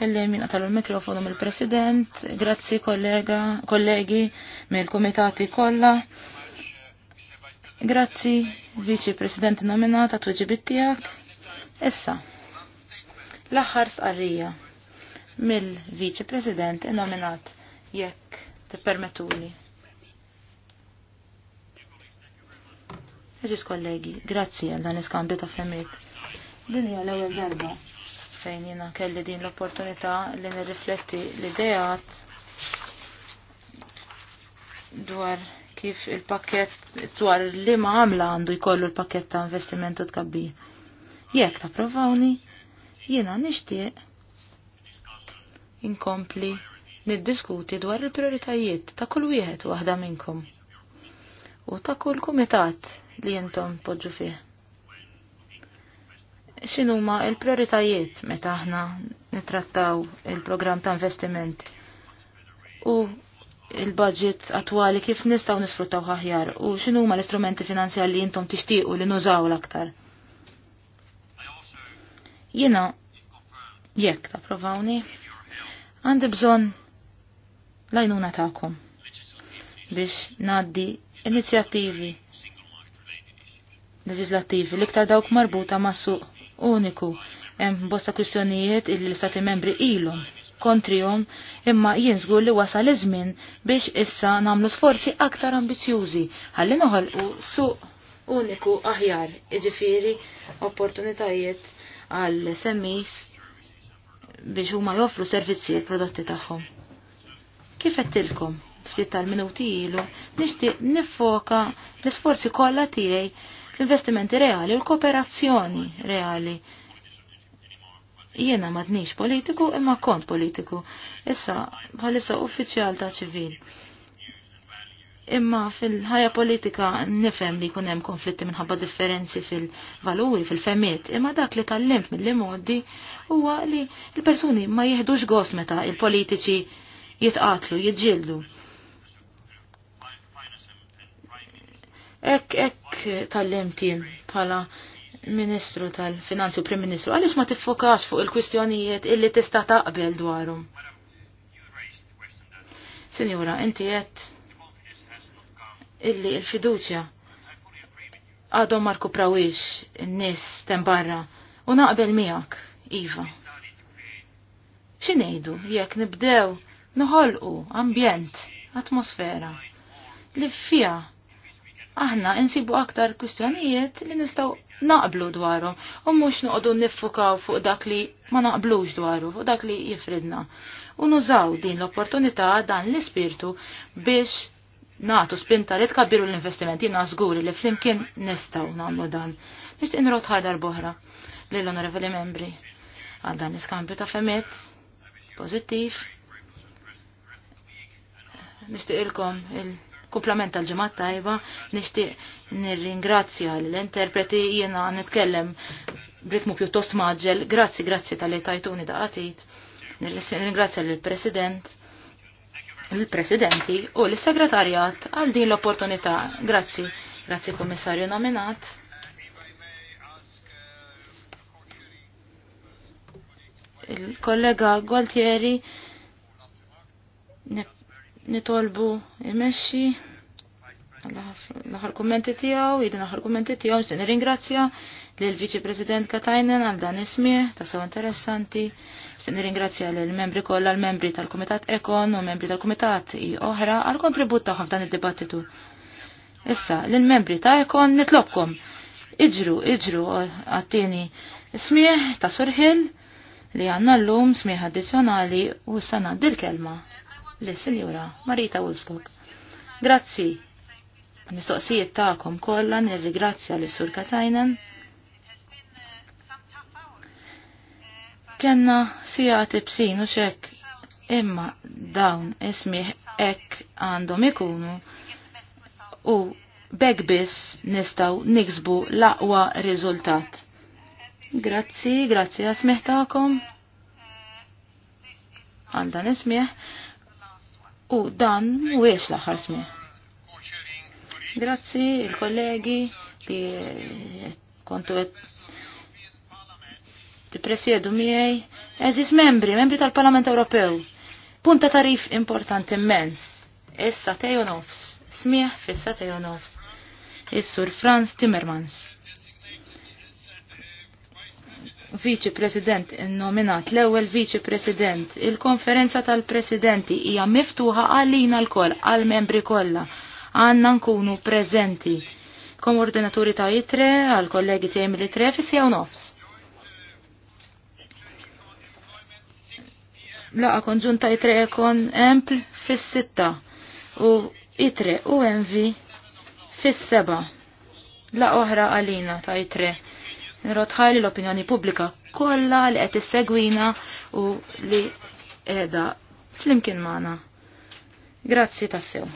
kellim jina tal-mikrofonu mill-president, grazzi kollega, kollegi mill-komitati kolla. Grazzi viċi president nominata tuġi bittijak. Issa, l-axar sqarrija mill-viċi president nominat jekk t-permetuli. Eżis kollegi, grazzi għal dan iskambju ta' femmit. Din hija l-ewwel darba fejn jina kelli din l-opportunità li nirrifletti l-idejat dwar kif il-pakket, dwar li ma għamla għandu jkollu l-pakket ta' investimentu tkabbi. Jek ta' provawni, jina nishtiq inkompli niddiskuti dwar il-prioritajiet ta' kull wieħed waħda minnkom u ta' kull kumitat li jentom podġu fih x'inhuma l-prioritajiet meta aħna nittrattaw il-programm ta' investiment u il-budget attwali kif nistgħu nisfruttaw aħjar u x'inhuma l-istrumenti finanzjali li intom tixtiequ li nużaw l-aktar. Jiena jekk tapprovawni għandi bżonn l-għajnuna tagħkom biex ngħaddi inizjattivi leġislattivi li iktar dawk marbuta ma' suq uniku. Hemm bosta kwistjonijiet illi l-istati membri ilhom kontrihom imma jien żgur li wasal iż-żmien biex issa nagħmlu sforzi aktar ambizjużi ħalli noħolqu suq uniku aħjar, iġifieri opportunitajiet għal semmis biex huma joffru servizzi l-prodotti tagħhom. Kif qedtilkom ftit tal-minuti ilu nixtieq niffoka l-isforzi kollha tiegħi investimenti reali u l kooperazzjoni reali. Jiena madnix politiku imma kont politiku, issa bħalissa uffiċjal ta' ċivil. Imma fil-ħajja politika nifhem li jkun hemm konflitti minħabba differenzi fil-valuri, fil-femiet, imma dak li tal limp mill-imoddi huwa li l-persuni ma jieħdux gost meta il-politiċi jitqatlu, jitġildu. Ek, ek, tal-limtin bħala Ministru tal-Finanzi u Prim Ministru, għaliex ma tiffokax fuq il-kwistjonijiet illi tista' taqbel dwarhom. Sinjura, inti jett illi il-fiduċja għadhom marku prawix in-nies tembarra u naqbel miegħek, Iva. X'inejdu jekk nibdew noħolqu ambjent, atmosfera li fija aħna insibu aktar kwistjonijiet li nistaw naqblu dwarhom u mhux noqogħdu niffukaw fuq dak li ma naqblux dwaru, fuq dak li jifridna. U nużaw din l-opportunità dan l-ispirtu biex nagħtu spinta li tkabbiru l-investimenti na żguri li flimkien nistgħu nagħmlu dan. Nixtieq inrot ħadar boħra lill onorevoli membri għal dan l-iskambju ta' femet pożittiv. Nixtieq ilkom il-, -il Kumplament tal-ġimgħa tajba nixtieq nirringrazzja l-interpreti jiena nitkellem b'ritmu pjuttost maġġel. Grazzi, grazzi tal-li tajtuni daqatit. Nirringrazzja lill-President il-Presidenti u l-Segretarjat għal din l-opportunità. Grazzi, grazzi komissarju nominat. il-kollega Gualtieri nitolbu imexxi l-aħħar kummenti tiegħu, jidin aħħar kummenti tiegħu, se nirringrazzja lil Viċi President Katajnen għal dan ismieħ ta' sew interessanti. Nixtieq nirringrazzja lil membri kollha l-membri tal-Kumitat Ekon u membri tal-Kumitat oħra għal kontribut tagħhom f'dan id-dibattitu. Issa, lil membri ta' Ekon nitlobkom. Iġru, iġru għattini smieħ ta' Surħil li għanna l-lum smieħ addizjonali u s-sana dil-kelma l-Sinjura Marita Wolfskog. Grazzi mistoqsijiet ta'kom kollha nirrigrazzja l sur Katajnen. Kenna sija tibsin u xek imma dawn ismiħ ek għandhom ikunu u bek biss nistaw niksbu l-aqwa riżultat. Grazzi, grazzi għasmiħ ta'kom. Għandan ismiħ U dan mhuwiex l-aħħar smih. Grazzi il-kollegi li kontu qed tippresjedu miegħi. Eżis membri, membri tal-Parlament Ewropew. Punta tarif importanti immens. Issa tejo nofs. Smieħ fissa tejo nofs. Is-Sur Franz Timmermans viċi president nominat l-ewwel viċi president, il-konferenza tal-presidenti hija miftuħa għalina l-koll, għal-membri kollha. Għandna nkunu preżenti. Komordinaturi ta' itre, għal-kollegi tiegħi li tre fis nofs. Laqa ta' itre ekon empl fis-sitta u itre u envi fis-seba. La oħra għalina ta' itre. Nirotħajli l-opinjoni pubblika kollha li qed segwina u li qiegħda flimkien magħna. Grazzi tassew.